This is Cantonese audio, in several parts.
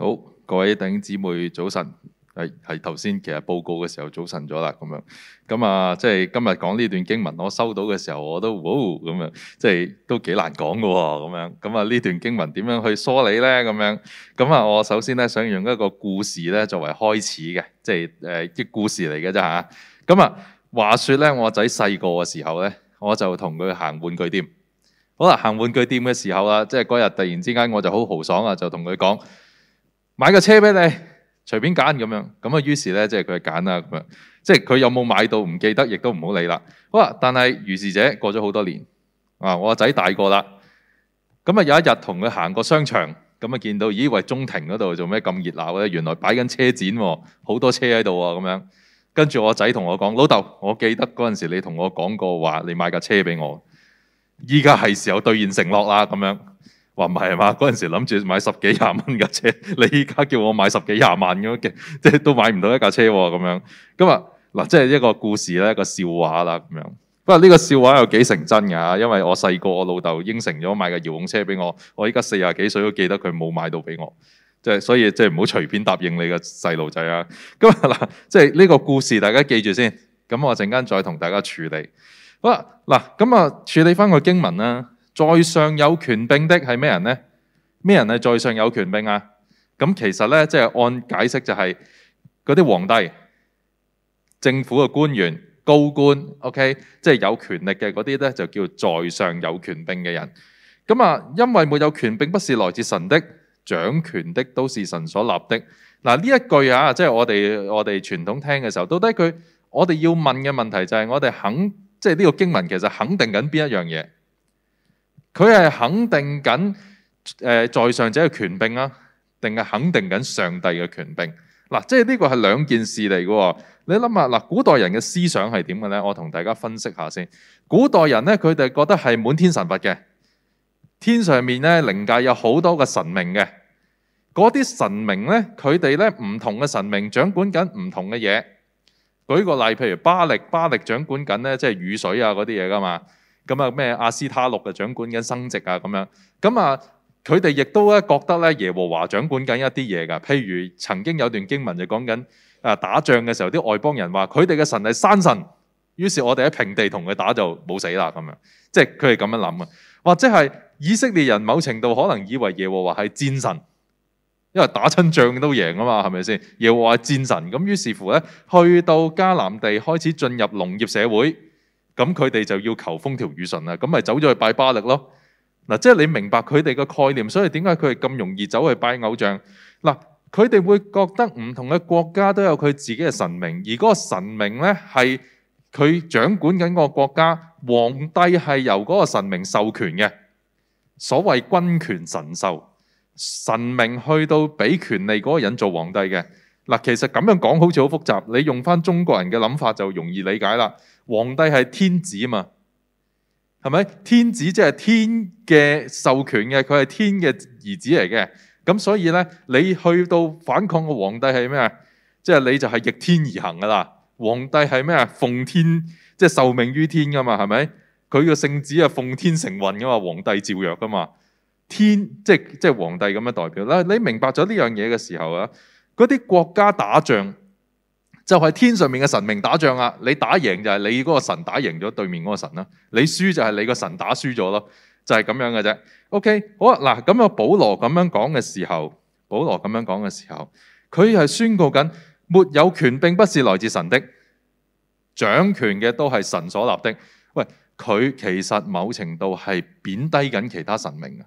好，各位弟兄姊妹早晨，係係頭先其實報告嘅時候早晨咗啦，咁樣咁啊、嗯，即係今日講呢段經文，我收到嘅時候我都哦咁樣，即係都幾難講嘅喎，咁樣咁啊呢段經文點樣去梳理咧？咁樣咁啊、嗯，我首先咧想用一個故事咧作為開始嘅，即係誒啲故事嚟嘅啫嚇。咁、嗯、啊話説咧，我仔細個嘅時候咧，我就同佢行玩具店。好啦，行玩具店嘅時候啊，即係嗰日突然之間我就好豪爽啊，就同佢講。買架車俾你，隨便揀咁樣，咁啊於是咧，即係佢揀啦咁樣，即係佢有冇買到唔記得，亦都唔好理啦。好啦，但係如是者過咗好多年，啊我個仔大個啦，咁、嗯、啊有一日同佢行過商場，咁、嗯、啊見到，咦，喂，中庭嗰度做咩咁熱鬧咧，原來擺緊車展喎、啊，好多車喺度啊咁樣。跟住我仔同我講：老豆，我記得嗰陣時你同我講過話，你買架車俾我，依家係時候兌現承諾啦咁樣。話唔係嘛？嗰陣時諗住買十幾廿蚊架車，你依家叫我買十幾廿萬咁嘅，即係都買唔到一架車喎咁樣。咁啊嗱，即係一個故事咧，一個笑話啦咁樣。不過呢個笑話有幾成真噶？因為我細個我老豆應承咗買架遙控車俾我，我依家四廿幾歲都記得佢冇買到俾我。即係所以即係唔好隨便答應你個細路仔啊。咁啊嗱，即係呢個故事大家記住先。咁我陣間再同大家處理。好啦，嗱咁啊，處理翻個經文啦。在上有權柄的係咩人呢？咩人係在上有權柄啊？咁其實咧，即係按解釋就係嗰啲皇帝、政府嘅官員、高官，OK，即係有權力嘅嗰啲咧，就叫在上有權柄嘅人。咁啊，因為沒有權柄，不是來自神的，掌權的都是神所立的。嗱，呢一句啊，即係我哋我哋傳統聽嘅時候，到底佢我哋要問嘅問題就係我哋肯即係呢個經文其實肯定緊邊一樣嘢？佢係肯定緊誒，在上者嘅權柄啊，定係肯定緊上帝嘅權柄？嗱，即係呢個係兩件事嚟嘅。你諗下，嗱，古代人嘅思想係點嘅咧？我同大家分析下先。古代人咧，佢哋覺得係滿天神佛嘅，天上面咧，靈界有好多嘅神明嘅。嗰啲神明咧，佢哋咧唔同嘅神明掌管緊唔同嘅嘢。舉個例，譬如巴力，巴力掌管緊咧，即係雨水啊嗰啲嘢噶嘛。咁啊，咩亞斯他錄啊，掌管緊生殖啊，咁樣。咁啊，佢哋亦都咧覺得咧，耶和華掌管緊一啲嘢㗎。譬如曾經有段經文就講緊，誒打仗嘅時候，啲外邦人話佢哋嘅神係山神，於是我哋喺平地同佢打就冇死啦，咁樣。即係佢係咁樣諗啊。或者係以色列人某程度可能以為耶和華係戰神，因為打親仗都贏啊嘛，係咪先？耶和華係戰神，咁於是乎咧，去到迦南地開始進入農業社會。咁佢哋就要求風調雨順啦，咁咪走咗去拜巴力咯。嗱，即係你明白佢哋嘅概念，所以點解佢哋咁容易走去拜偶像？嗱，佢哋會覺得唔同嘅國家都有佢自己嘅神明，而嗰個神明呢，係佢掌管緊個國家，皇帝係由嗰個神明授權嘅，所謂君權神授，神明去到俾權力嗰個人做皇帝嘅。嗱，其實咁樣講好似好複雜，你用翻中國人嘅諗法就容易理解啦。皇帝係天子嘛，係咪？天子即係天嘅授權嘅，佢係天嘅兒子嚟嘅。咁所以呢，你去到反抗個皇帝係咩啊？即係你就係逆天而行噶啦。皇帝係咩啊？奉天即係受命於天噶嘛，係咪？佢個聖旨啊，奉天承運噶嘛，皇帝照約噶嘛。天即係即係皇帝咁樣代表啦。你明白咗呢樣嘢嘅時候啊，嗰啲國家打仗就係天上面嘅神明打仗啊！你打贏就係你嗰個神打贏咗對面嗰個神啦，你輸就係你個神打輸咗咯，就係咁樣嘅啫。OK，好啊，嗱，咁啊，保羅咁樣講嘅時候，保羅咁樣講嘅時候，佢係宣告緊，沒有權並不是來自神的，掌權嘅都係神所立的。喂，佢其實某程度係貶低緊其他神明啊！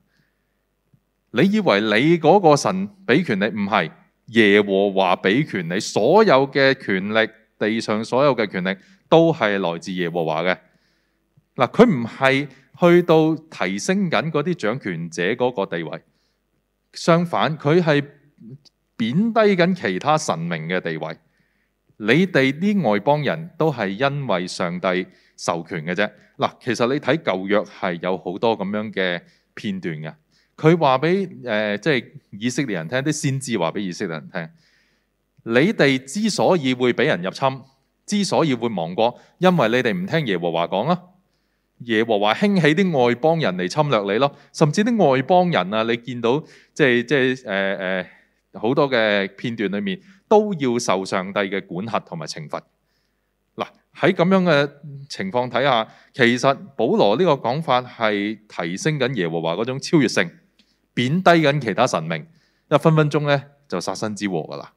你以為你嗰個神俾權力唔係？耶和華俾權你所有嘅權力，地上所有嘅權力，都係來自耶和華嘅。嗱，佢唔係去到提升緊嗰啲掌權者嗰個地位，相反，佢係貶低緊其他神明嘅地位。你哋啲外邦人都係因為上帝授權嘅啫。嗱，其實你睇舊約係有好多咁樣嘅片段嘅。佢話俾誒，即係、呃就是、以色列人聽，啲先知話俾以色列人聽，你哋之所以會俾人入侵，之所以會亡國，因為你哋唔聽耶和華講啊！耶和華興起啲外邦人嚟侵略你咯，甚至啲外邦人啊，你見到即係即係誒誒好多嘅片段裏面，都要受上帝嘅管轄同埋懲罰。嗱，喺咁樣嘅情況底下，其實保羅呢個講法係提升緊耶和華嗰種超越性。貶低緊其他神明，因分分鐘咧就殺身之禍噶啦，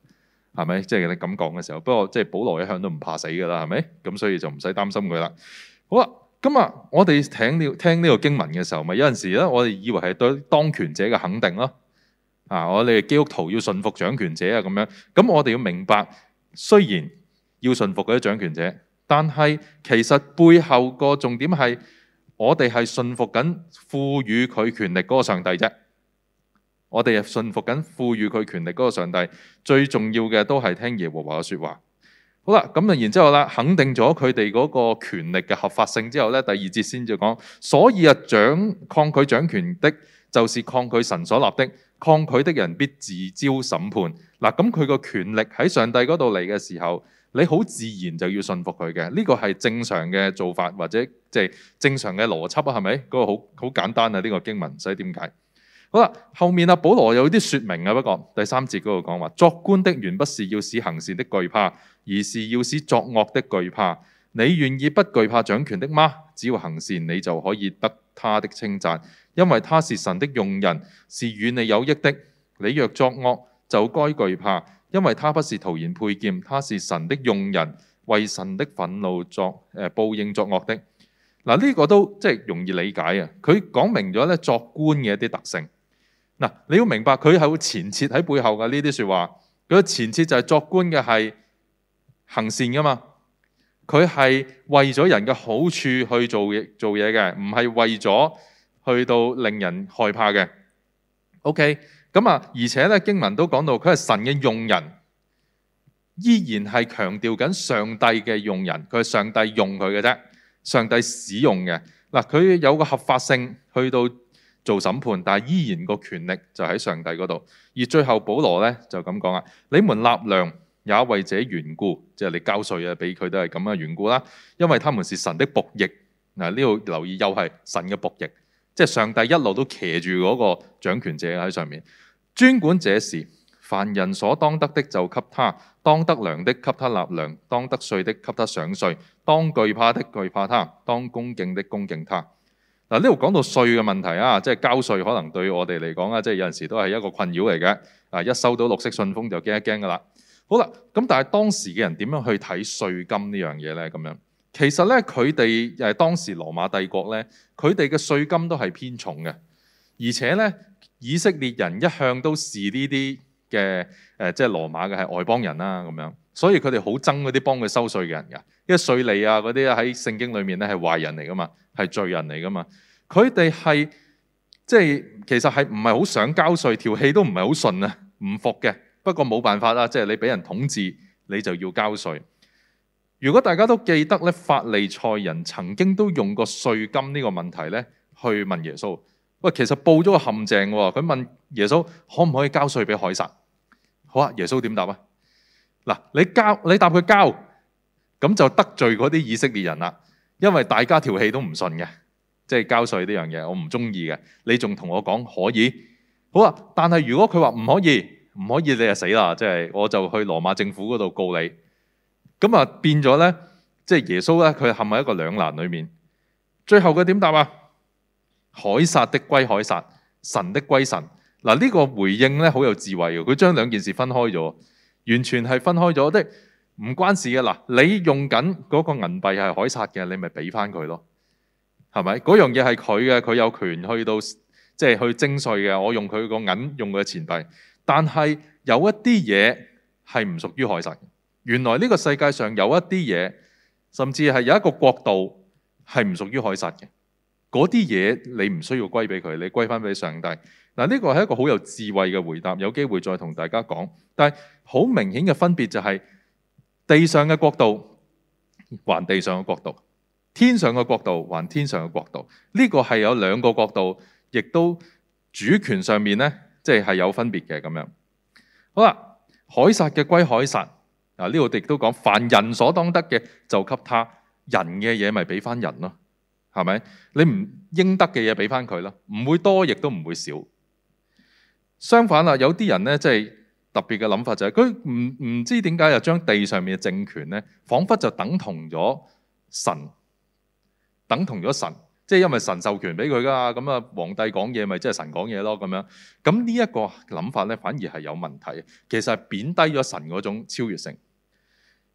係咪？即係你咁講嘅時候。不過即係保羅一向都唔怕死噶啦，係咪？咁所以就唔使擔心佢啦。好啦，咁啊，我哋聽呢聽呢個經文嘅時候，咪有陣時咧，我哋以為係對當權者嘅肯定咯。啊，我哋基督徒要順服掌權者啊，咁樣咁我哋要明白，雖然要順服嗰啲掌權者，但係其實背後個重點係我哋係順服緊賦予佢權力嗰個上帝啫。我哋又信服緊賦予佢權力嗰個上帝，最重要嘅都係聽耶和華嘅説話。好啦，咁啊，然之後啦，肯定咗佢哋嗰個權力嘅合法性之後咧，第二節先至講，所以啊，掌抗拒掌權的，就是抗拒神所立的，抗拒的人必自招審判。嗱，咁佢個權力喺上帝嗰度嚟嘅時候，你好自然就要信服佢嘅，呢個係正常嘅做法，或者即係正常嘅邏輯啊，係咪？嗰個好好簡單啊，呢個經文唔使點解。好啦，後面阿保羅有啲說明啊。不過第三節嗰度講話，作官的原不是要使行善的懼怕，而是要使作惡的懼怕。你願意不懼怕掌權的嗎？只要行善，你就可以得他的稱讚，因為他是神的用人，是與你有益的。你若作惡，就該懼怕，因為他不是徒然配劍，他是神的用人，為神的憤怒作誒、呃、報應作惡的。嗱、呃，呢、這個都即係容易理解啊。佢講明咗咧作官嘅一啲特性。嗱，你要明白佢係會前設喺背後嘅呢啲說話，佢嘅前設就係、是、作官嘅係行善噶嘛，佢係為咗人嘅好處去做做嘢嘅，唔係為咗去到令人害怕嘅。OK，咁啊，而且咧經文都講到佢係神嘅用人，依然係強調緊上帝嘅用人，佢係上帝用佢嘅啫，上帝使用嘅。嗱，佢有個合法性去到。做審判，但依然個權力就喺上帝嗰度。而最後保羅呢就咁講啊：你們納糧也為這緣故，即係、就是、你交稅啊，俾佢都係咁嘅緣故啦。因為他們是神的僕役，嗱呢度留意又係神嘅僕役，即係上帝一路都騎住嗰個掌權者喺上面，專管這事。凡人所當得的就給他，當得糧的給他納糧，當得稅的給他上稅，當懼怕的懼怕他，當恭敬的恭敬他。嗱，呢度講到稅嘅問題啊，即係交稅可能對我哋嚟講啊，即係有陣時都係一個困擾嚟嘅。啊，一收到綠色信封就驚一驚噶啦。好啦，咁但係當時嘅人點樣去睇稅金呢樣嘢咧？咁樣其實咧，佢哋誒當時羅馬帝國咧，佢哋嘅稅金都係偏重嘅，而且咧以色列人一向都是呢啲嘅誒，即係羅馬嘅係外邦人啦、啊、咁樣。所以佢哋好憎嗰啲幫佢收稅嘅人噶，因為稅吏啊嗰啲喺聖經裏面咧係壞人嚟噶嘛，係罪人嚟噶嘛。佢哋係即係其實係唔係好想交稅，條氣都唔係好順啊，唔服嘅。不過冇辦法啦，即係你俾人統治，你就要交稅。如果大家都記得咧，法利賽人曾經都用過稅金呢個問題咧去問耶穌。喂，其實報咗個陷阱喎，佢問耶穌可唔可以交稅俾海撒。好啊，耶穌點答啊？嗱，你交你答佢交，咁就得罪嗰啲以色列人啦，因為大家條氣都唔順嘅，即係交稅呢樣嘢我唔中意嘅，你仲同我講可以，好啊，但係如果佢話唔可以，唔可以你就死啦，即係我就去羅馬政府嗰度告你，咁啊變咗咧，即係耶穌咧佢陷喺一個兩難裏面，最後佢點答啊？凱撒的歸凱撒，神的歸神。嗱，呢個回應咧好有智慧嘅，佢將兩件事分開咗。完全係分開咗、就是、的，唔關事嘅嗱。你用緊嗰個銀幣係該撒嘅，你咪俾翻佢咯，係咪？嗰樣嘢係佢嘅，佢有權去到即係、就是、去徵稅嘅。我用佢個銀，用佢嘅錢幣，但係有一啲嘢係唔屬於該撒。原來呢個世界上有一啲嘢，甚至係有一個國度係唔屬於該撒嘅。嗰啲嘢你唔需要歸俾佢，你歸翻俾上帝。嗱，呢個係一個好有智慧嘅回答，有機會再同大家講。但係好明顯嘅分別就係地上嘅國度還地上嘅國度，天上嘅國度還天上嘅國度。呢個係有兩個國度，亦都主權上面呢，即係有分別嘅咁樣。好啦，凱撒嘅歸凱撒啊！呢度亦都講，凡人所當得嘅就給他，人嘅嘢咪俾翻人咯，係咪？你唔應得嘅嘢俾翻佢咯，唔會多亦都唔會少。相反啦，有啲人咧，即係特別嘅諗法就係佢唔唔知點解又將地上面嘅政權咧，仿佛就等同咗神，等同咗神，即係因為神授權俾佢噶，咁啊皇帝講嘢咪即係神講嘢咯咁樣。咁呢一個諗法咧，反而係有問題，其實係貶低咗神嗰種超越性。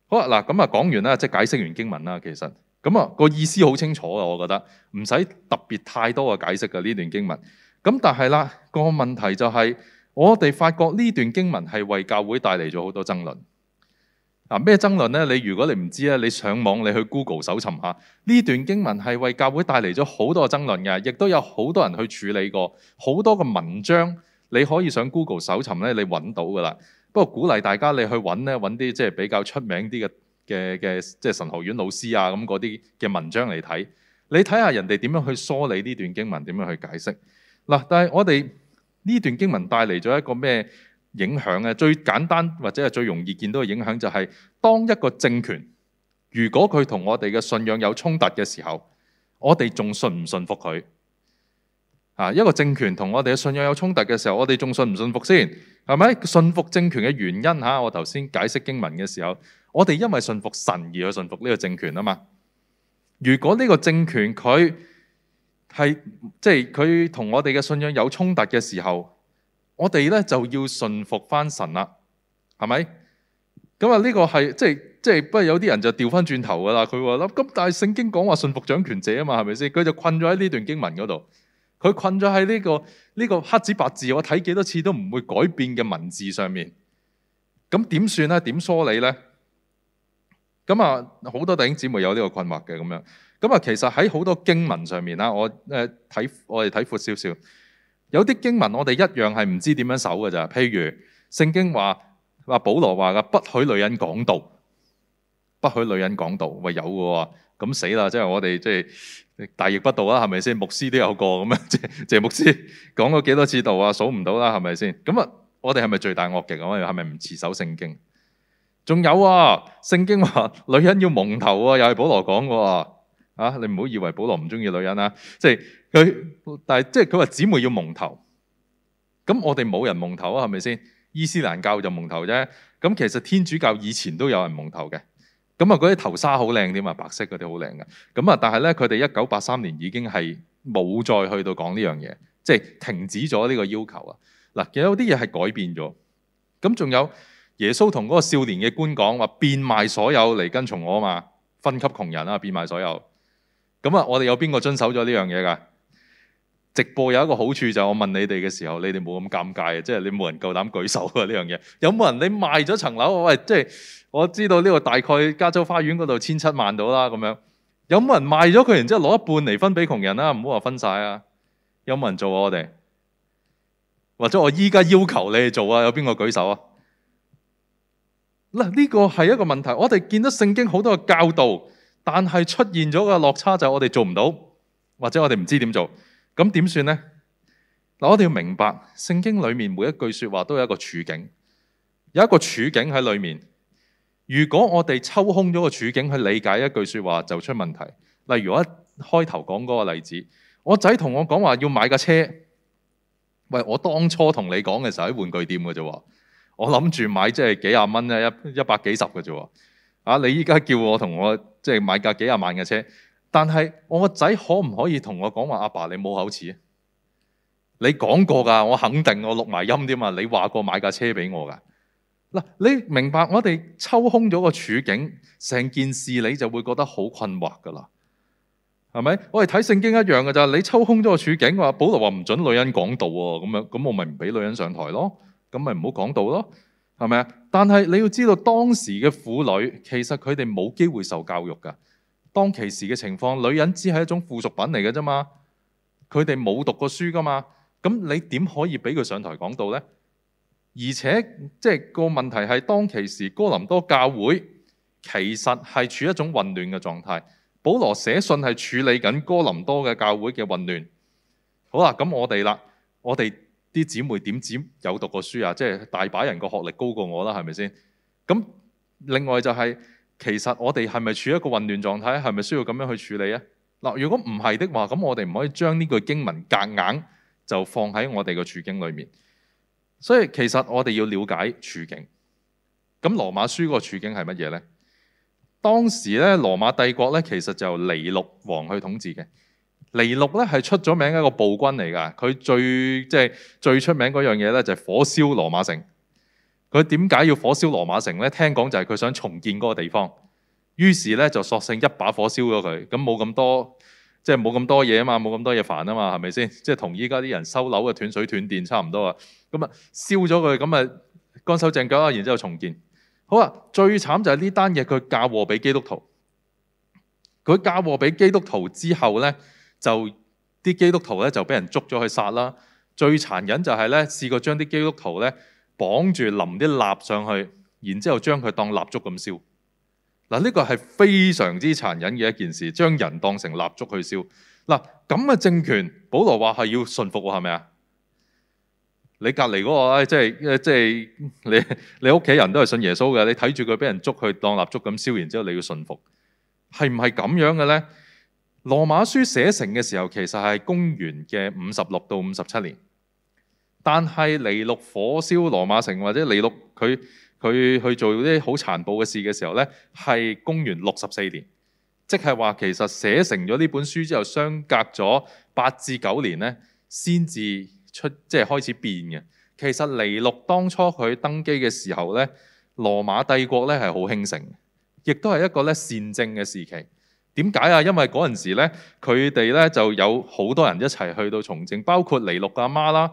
好啦，嗱咁啊講完啦，即係解釋完經文啦，其實咁啊個意思好清楚啊。我覺得唔使特別太多嘅解釋噶呢段經文。咁但係啦，個問題就係我哋發覺呢段經文係為教會帶嚟咗好多爭論。嗱，咩爭論呢？你如果你唔知咧，你上網你去 Google 搜尋下呢段經文係為教會帶嚟咗好多嘅爭論嘅，亦都有好多人去處理過好多嘅文章，你可以上 Google 搜尋咧，你揾到噶啦。不過鼓勵大家你去揾咧，揾啲即係比較出名啲嘅嘅嘅即係神學院老師啊，咁嗰啲嘅文章嚟睇，你睇下人哋點樣去梳理呢段經文，點樣去解釋。嗱，但係我哋呢段經文帶嚟咗一個咩影響咧？最簡單或者係最容易見到嘅影響就係，當一個政權如果佢同我哋嘅信仰有衝突嘅時候，我哋仲信唔信服佢啊？一個政權同我哋嘅信仰有衝突嘅時候，我哋仲信唔信服先？係咪？信服政權嘅原因嚇，我頭先解釋經文嘅時候，我哋因為信服神而去信服呢個政權啊嘛。如果呢個政權佢係，即係佢同我哋嘅信仰有衝突嘅時候，我哋咧就要順服翻神啦，係咪？咁啊，呢個係即係即係，不過有啲人就調翻轉頭噶啦。佢話啦，咁但係聖經講話順服掌權者啊嘛，係咪先？佢就困咗喺呢段經文嗰度，佢困咗喺呢個呢個黑字白字，我睇幾多次都唔會改變嘅文字上面。咁點算咧？點梳理咧？咁啊，好多弟兄姊妹有呢個困惑嘅咁樣。咁啊，其實喺好多經文上面啦。我誒睇我哋睇闊少少，有啲經文我哋一樣係唔知點樣搜嘅咋。譬如聖經話話，保羅話嘅不許女人講道，不許女人講道，喂有嘅喎、啊，咁死啦！即係我哋即係大逆不道啦，係咪先？牧師都有過咁樣，即係謝謝牧師講過幾多次道啊，數唔到啦，係咪先？咁啊，我哋係咪罪大惡極啊？我哋係咪唔持守聖經？仲有啊，聖經話女人要蒙頭啊，又係保羅講嘅。啊！你唔好以為保羅唔中意女人啊，即係佢，但係即係佢話姊妹要蒙頭。咁我哋冇人蒙頭啊，係咪先？伊斯蘭教教就蒙頭啫。咁其實天主教以前都有人蒙頭嘅。咁啊，啲頭紗好靚添啊，白色嗰啲好靚嘅。咁啊，但係咧，佢哋一九八三年已經係冇再去到講呢樣嘢，即係停止咗呢個要求啊。嗱，有啲嘢係改變咗。咁仲有耶穌同嗰個少年嘅官講話，變賣所有嚟跟從我啊嘛，分給窮人啦，變賣所有。咁啊，我哋有邊個遵守咗呢樣嘢噶？直播有一個好處就係我問你哋嘅時候，你哋冇咁尷尬嘅，即係你冇人夠膽舉手啊！呢樣嘢有冇人你賣咗層樓？我喂，即係我知道呢個大概加州花園嗰度千七萬到啦咁樣。有冇人賣咗佢，然之後攞一半嚟分俾窮人啦、啊？唔好話分晒啊！有冇人做啊？我哋或者我依家要求你哋做啊？有邊個舉手啊？嗱，呢個係一個問題。我哋見到聖經好多嘅教導。但係出現咗個落差就係我哋做唔到，或者我哋唔知點做，咁點算呢？嗱，我哋要明白聖經裡面每一句説話都有一個處境，有一個處境喺裡面。如果我哋抽空咗個處境去理解一句説話，就出問題。例如我一開頭講嗰個例子，我仔同我講話要買架車，喂，我當初同你講嘅時候喺玩具店嘅啫喎，我諗住買即係幾廿蚊呀，一一百幾十嘅啫喎。啊！你依家叫我同我即係買架幾廿萬嘅車，但係我個仔可唔可以同我講話阿爸你冇口齒啊？你講過噶，我肯定我錄埋音添嘛。你話過買架車俾我噶。嗱、啊，你明白我哋抽空咗個處境，成件事你就會覺得好困惑噶啦，係咪？我哋睇聖經一樣噶咋？你抽空咗個處境話，保羅話唔准女人講道啊，咁樣咁我咪唔俾女人上台咯，咁咪唔好講道咯。係咪啊？但係你要知道，當時嘅婦女其實佢哋冇機會受教育噶。當其時嘅情況，女人只係一種附屬品嚟嘅啫嘛。佢哋冇讀過書噶嘛。咁你點可以俾佢上台講道呢？而且即係個問題係，當其時哥林多教會其實係處一種混亂嘅狀態。保羅寫信係處理緊哥林多嘅教會嘅混亂。好啦，咁我哋啦，我哋。啲姊妹點止有讀過書啊？即係大把人個學歷高過我啦，係咪先？咁另外就係，其實我哋係咪處於一個混亂狀態？係咪需要咁樣去處理啊？嗱，如果唔係的話，咁我哋唔可以將呢句經文夾硬就放喺我哋個處境裏面。所以其實我哋要了解處境。咁羅馬書個處境係乜嘢呢？當時咧羅馬帝國咧其實就尼禄王去統治嘅。尼禄咧係出咗名一個暴君嚟㗎，佢最即係最出名嗰樣嘢咧就係、是、火燒羅馬城。佢點解要火燒羅馬城咧？聽講就係佢想重建嗰個地方，於是咧就索性一把火燒咗佢。咁冇咁多，即係冇咁多嘢啊嘛，冇咁多嘢煩啊嘛，係咪先？即係同依家啲人收樓嘅斷水斷電差唔多啊。咁、嗯、啊，燒咗佢，咁啊乾手淨腳啊，然之後重建。好啊，最慘就係呢單嘢，佢嫁禍俾基督徒。佢嫁禍俾基督徒之後咧。就啲基督徒咧就俾人捉咗去殺啦，最殘忍就係咧試過將啲基督徒咧綁住淋啲蠟上去，然之後將佢當蠟燭咁燒。嗱，呢個係非常之殘忍嘅一件事，將人當成蠟燭去燒。嗱，咁嘅政權，保羅話係要順服，係咪啊？你隔籬嗰個唉，即係即係你你屋企人都係信耶穌嘅，你睇住佢俾人捉去當蠟燭咁燒，然之後你要順服，係唔係咁樣嘅咧？羅馬書寫成嘅時候，其實係公元嘅五十六到五十七年，但係尼祿火燒羅馬城，或者尼祿佢佢去做啲好殘暴嘅事嘅時候呢，係公元六十四年，即係話其實寫成咗呢本書之後，相隔咗八至九年呢先至出即係開始變嘅。其實尼祿當初佢登基嘅時候呢，羅馬帝國呢係好興盛，亦都係一個呢善政嘅時期。點解啊？因為嗰陣時咧，佢哋咧就有好多人一齊去到從政，包括尼祿阿媽啦，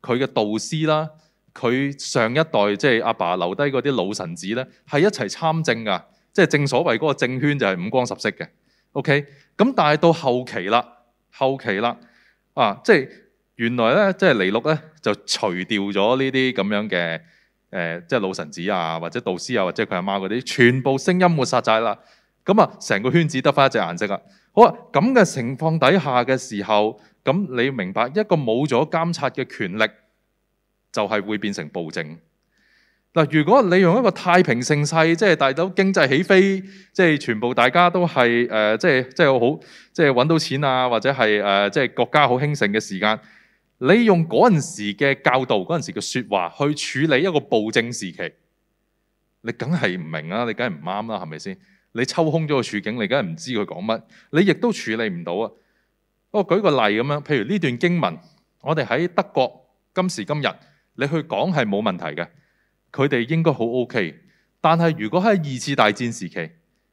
佢嘅導師啦，佢上一代即係阿爸留低嗰啲老臣子咧，係一齊參政噶，即係正所謂嗰個政圈就係五光十色嘅。OK，咁但係到後期啦，後期啦，啊，即係原來咧，即係尼祿咧就除掉咗呢啲咁樣嘅誒，即係老臣子啊，或者導師啊，或者佢阿媽嗰啲，全部聲音抹殺晒啦。咁啊，成個圈子得翻一隻顏色啊。好啊，咁嘅情況底下嘅時候，咁你明白一個冇咗監察嘅權力，就係、是、會變成暴政。嗱，如果你用一個太平盛世，即係大到經濟起飛，即係全部大家都係誒、呃，即係即係好，即係揾到錢啊，或者係誒、呃，即係國家好興盛嘅時間，你用嗰陣時嘅教導、嗰陣時嘅説話去處理一個暴政時期，你梗係唔明啊，你梗係唔啱啦，係咪先？你抽空咗個處境，你梗係唔知佢講乜。你亦都處理唔到啊！我舉個例咁樣，譬如呢段經文，我哋喺德國今時今日，你去講係冇問題嘅，佢哋應該好 OK。但係如果喺二次大戰時期，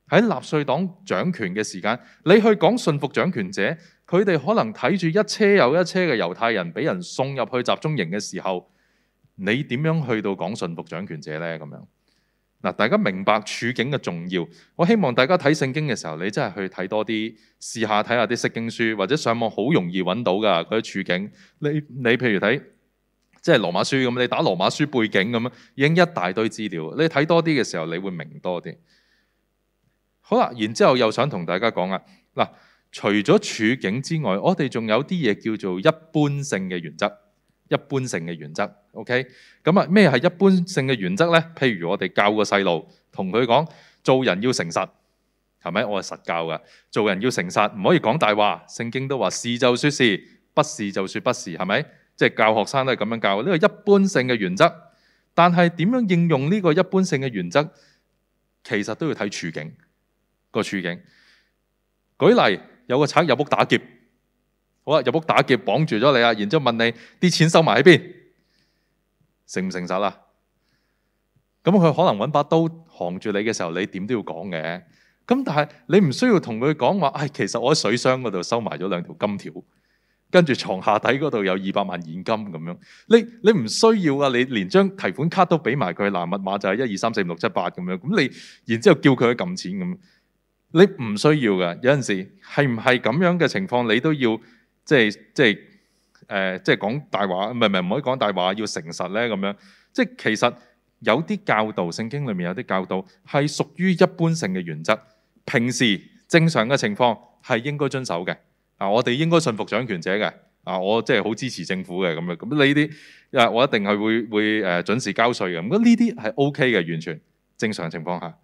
喺納粹黨掌權嘅時間，你去講順服掌權者，佢哋可能睇住一車又一車嘅猶太人俾人送入去集中營嘅時候，你點樣去到講順服掌權者呢？咁樣。嗱，大家明白處境嘅重要，我希望大家睇聖經嘅時候，你真係去睇多啲，試下睇下啲釋經書，或者上網好容易揾到㗎嗰啲處境。你你譬如睇即係羅馬書咁，你打羅馬書背景咁啊，已經一大堆資料。你睇多啲嘅時候，你會明多啲。好啦，然之後又想同大家講呀。嗱，除咗處境之外，我哋仲有啲嘢叫做一般性嘅原則。一般性嘅原則，OK，咁啊咩係一般性嘅原則呢？譬如我哋教個細路，同佢講做人要誠實，係咪？我係實教噶，做人要誠實，唔可以講大話。聖經都話是就說是，不是就說不是，係咪？即係教學生都係咁樣教呢個一般性嘅原則。但係點樣應用呢個一般性嘅原則，其實都要睇處境、個處境。舉例有個賊入屋打劫。好啦，入屋打劫，綁住咗你啊！然之後問你啲錢收埋喺邊，誠唔誠實啊？咁佢可能揾把刀扛住你嘅時候，你點都要講嘅。咁但係你唔需要同佢講話，唉、哎，其實我喺水箱嗰度收埋咗兩條金條，跟住床下底嗰度有二百萬現金咁樣。你你唔需要啊！你連張提款卡都俾埋佢，嗱，密碼就係一二三四五六七八咁樣。咁你然之後叫佢去撳錢咁，你唔需要噶。有陣時係唔係咁樣嘅情況，你都要。即係即係誒，即係講大話，唔係唔係唔可以講大話，要誠實咧咁樣。即係其實有啲教導，聖經裏面有啲教導係屬於一般性嘅原則，平時正常嘅情況係應該遵守嘅。啊，我哋應該順服掌權者嘅。啊，我即係好支持政府嘅咁樣。咁呢啲啊，我一定係會會誒準時交稅嘅。咁呢啲係 OK 嘅，完全正常情況下，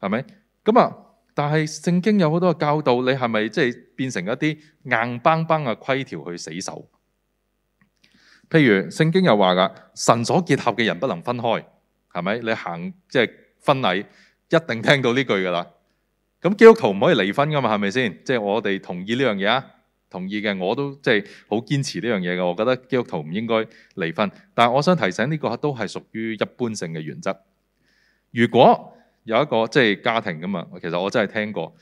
係咪？咁啊。但係聖經有好多嘅教導，你係咪即係變成一啲硬邦邦嘅規條去死守？譬如聖經又話噶，神所結合嘅人不能分開，係咪？你行即係婚禮，一定聽到呢句噶啦。咁基督徒唔可以離婚噶嘛？係咪先？即係我哋同意呢樣嘢啊？同意嘅，我都即係好堅持呢樣嘢嘅。我覺得基督徒唔應該離婚。但係我想提醒呢個都係屬於一般性嘅原則。如果有一個即係、就是、家庭㗎嘛，其實我真係聽過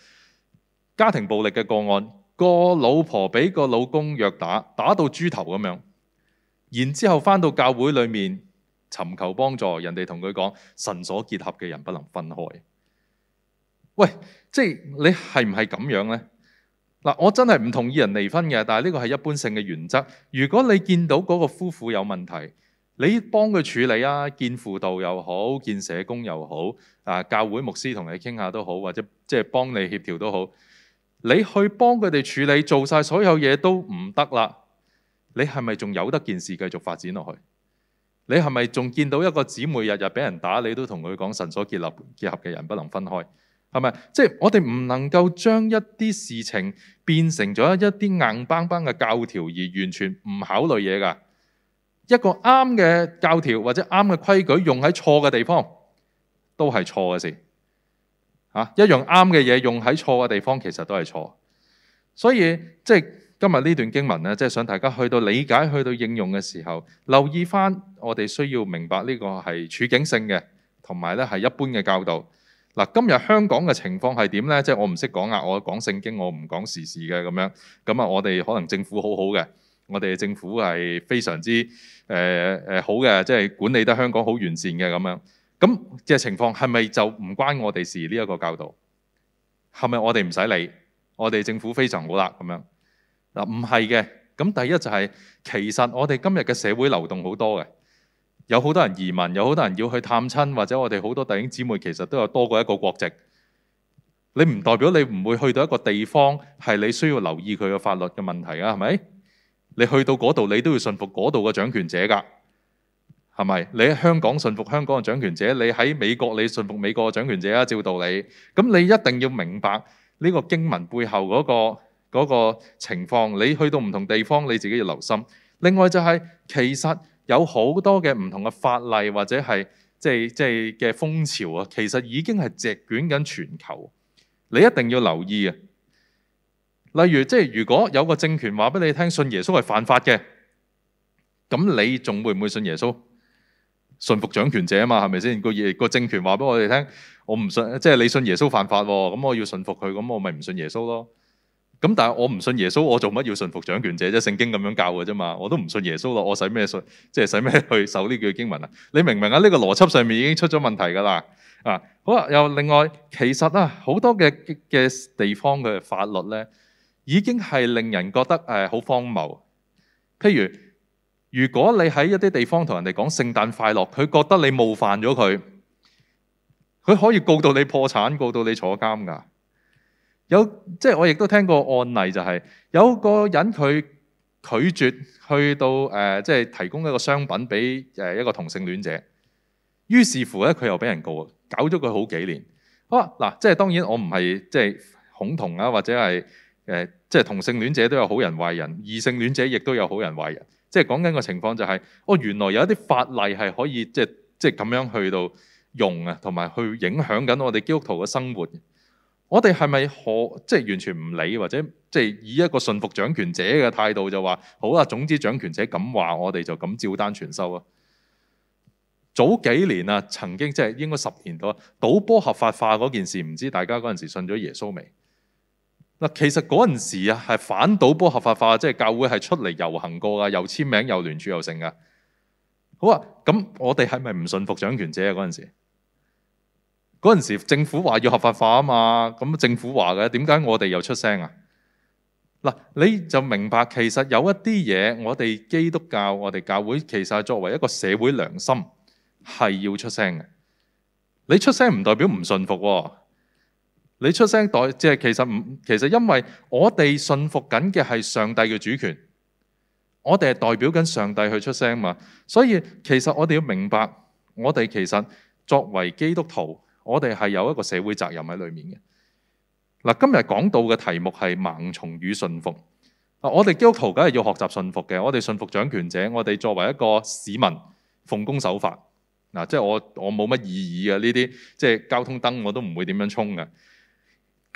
家庭暴力嘅個案，個老婆俾個老公虐打，打到豬頭咁樣，然之後返到教會裏面尋求幫助，人哋同佢講神所結合嘅人不能分開。喂，即、就、係、是、你係唔係咁樣呢？嗱，我真係唔同意人離婚嘅，但係呢個係一般性嘅原則。如果你見到嗰個夫婦有問題，你幫佢處理啊，見輔導又好，見社工又好，啊，教會牧師同你傾下都好，或者即係幫你協調都好。你去幫佢哋處理，做晒所有嘢都唔得啦。你係咪仲有得件事繼續發展落去？你係咪仲見到一個姊妹日日俾人打，你都同佢講神所結立結合嘅人不能分開，係咪？即係我哋唔能夠將一啲事情變成咗一啲硬邦邦嘅教條而完全唔考慮嘢㗎。一個啱嘅教條或者啱嘅規矩用喺錯嘅地方，都係錯嘅事。吓、啊，一樣啱嘅嘢用喺錯嘅地方，其實都係錯。所以即係、就是、今日呢段經文咧，即、就、係、是、想大家去到理解、去到應用嘅時候，留意返我哋需要明白呢個係處境性嘅，同埋咧係一般嘅教導。嗱、啊，今日香港嘅情況係點咧？即、就、係、是、我唔識講啊！我講聖經，我唔講時事嘅咁樣。咁啊，我哋可能政府好好嘅。我哋嘅政府係非常之誒誒、呃呃、好嘅，即係管理得香港好完善嘅咁樣。咁即係情況係咪就唔關我哋事呢一個教導？係咪我哋唔使理？我哋政府非常好啦咁樣嗱，唔係嘅。咁第一就係，其實我哋今日嘅社會流動好多嘅，有好多人移民，有好多人要去探親，或者我哋好多弟兄姊妹其實都有多過一個國籍。你唔代表你唔會去到一個地方係你需要留意佢嘅法律嘅問題啊？係咪？你去到嗰度，你都要順服嗰度嘅掌權者噶，係咪？你喺香港順服香港嘅掌權者，你喺美國你順服美國嘅掌權者啊，照道理。咁你一定要明白呢個經文背後嗰個嗰個情況。你去到唔同地方，你自己要留心。另外就係、是、其實有好多嘅唔同嘅法例或者係即係即係嘅風潮啊，其實已經係席捲緊全球。你一定要留意啊！例如，即係如果有個政權話俾你聽，信耶穌係犯法嘅，咁你仲會唔會信耶穌？順服掌權者啊嘛，係咪先？個、這個政權話俾我哋聽，我唔信，即係你信耶穌犯法、哦，咁我要順服佢，咁我咪唔信耶穌咯。咁但係我唔信耶穌，我做乜要順服掌權者啫？聖經咁樣教嘅啫嘛，我都唔信耶穌咯，我使咩信？即係使咩去守呢句經文啊？你明唔明啊？呢、這個邏輯上面已經出咗問題㗎啦。啊，好啦，又另外，其實啊，好多嘅嘅地方嘅法律咧。已經係令人覺得誒好荒謬。譬如，如果你喺一啲地方同人哋講聖誕快樂，佢覺得你冒犯咗佢，佢可以告到你破產，告到你坐監㗎。有即係、就是、我亦都聽過案例、就是，就係有個人佢拒絕去到誒，即、呃、係、就是、提供一個商品俾誒一個同性戀者。於是乎咧，佢又俾人告，搞咗佢好幾年。好嗱，即係當然我唔係即係恐同啊，或者係。誒，即係同性戀者都有好人壞人，異性戀者亦都有好人壞人。即係講緊個情況就係，哦，原來有一啲法例係可以，即係即係咁樣去到用啊，同埋去影響緊我哋基督徒嘅生活。我哋係咪可即係完全唔理，或者即係以一個信服掌權者嘅態度就話，好啊，總之掌權者咁話，我哋就咁照單全收啊？早幾年啊，曾經即係應該十年到，賭波合法化嗰件事，唔知大家嗰陣時信咗耶穌未？嗱，其實嗰陣時啊，係反賭波合法化，即係教會係出嚟遊行過噶，又簽名，又聯署，又成噶。好啊，咁我哋係咪唔順服掌權者啊？嗰陣時，嗰陣時政府話要合法化啊嘛，咁政府話嘅，點解我哋又出聲啊？嗱，你就明白，其實有一啲嘢，我哋基督教、我哋教會，其實作為一個社會良心，係要出聲嘅。你出聲唔代表唔順服喎，啊。你出聲代，即係其實唔，其實因為我哋信服緊嘅係上帝嘅主權，我哋係代表緊上帝去出聲嘛。所以其實我哋要明白，我哋其實作為基督徒，我哋係有一個社會責任喺裏面嘅。嗱，今日講到嘅題目係盲從與順服。嗱，我哋基督徒梗係要學習順服嘅。我哋順服掌權者，我哋作為一個市民，奉公守法。嗱，即係我我冇乜異議嘅呢啲，即係交通燈我都唔會點樣衝嘅。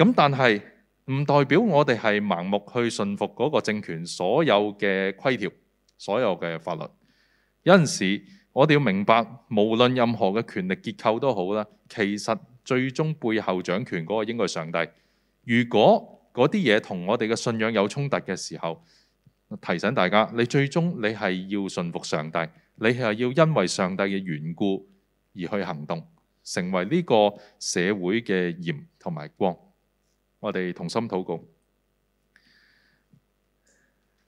咁但係唔代表我哋係盲目去順服嗰個政權所有嘅規條、所有嘅法律。有陣時我哋要明白，無論任何嘅權力結構都好啦，其實最終背後掌權嗰個應該係上帝。如果嗰啲嘢同我哋嘅信仰有衝突嘅時候，提醒大家，你最終你係要順服上帝，你係要因為上帝嘅緣故而去行動，成為呢個社會嘅鹽同埋光。我哋同心禱告，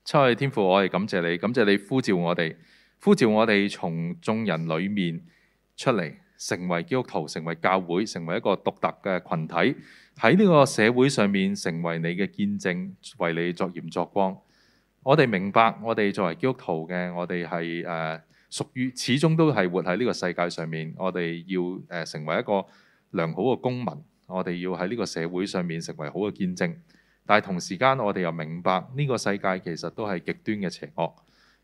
親愛天父，我哋感謝你，感謝你呼召我哋，呼召我哋從眾人裏面出嚟，成為基督徒，成為教會，成為一個獨特嘅群體，喺呢個社會上面成為你嘅見證，為你作鹽作光。我哋明白，我哋作為基督徒嘅，我哋係誒屬於，始終都係活喺呢個世界上面，我哋要誒成為一個良好嘅公民。我哋要喺呢個社會上面成為好嘅見證，但係同時間我哋又明白呢個世界其實都係極端嘅邪惡，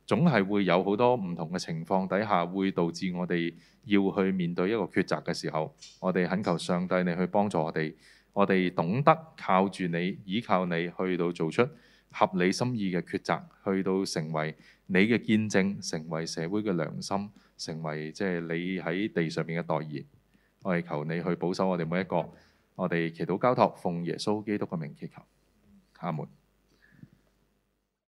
總係會有好多唔同嘅情況底下，會導致我哋要去面對一個抉擇嘅時候，我哋懇求上帝你去幫助我哋，我哋懂得靠住你，依靠你去到做出合理心意嘅抉擇，去到成為你嘅見證，成為社會嘅良心，成為即係你喺地上面嘅代言。我哋求你去保守我哋每一個。我哋祈禱交託，奉耶穌基督嘅名祈求，阿門。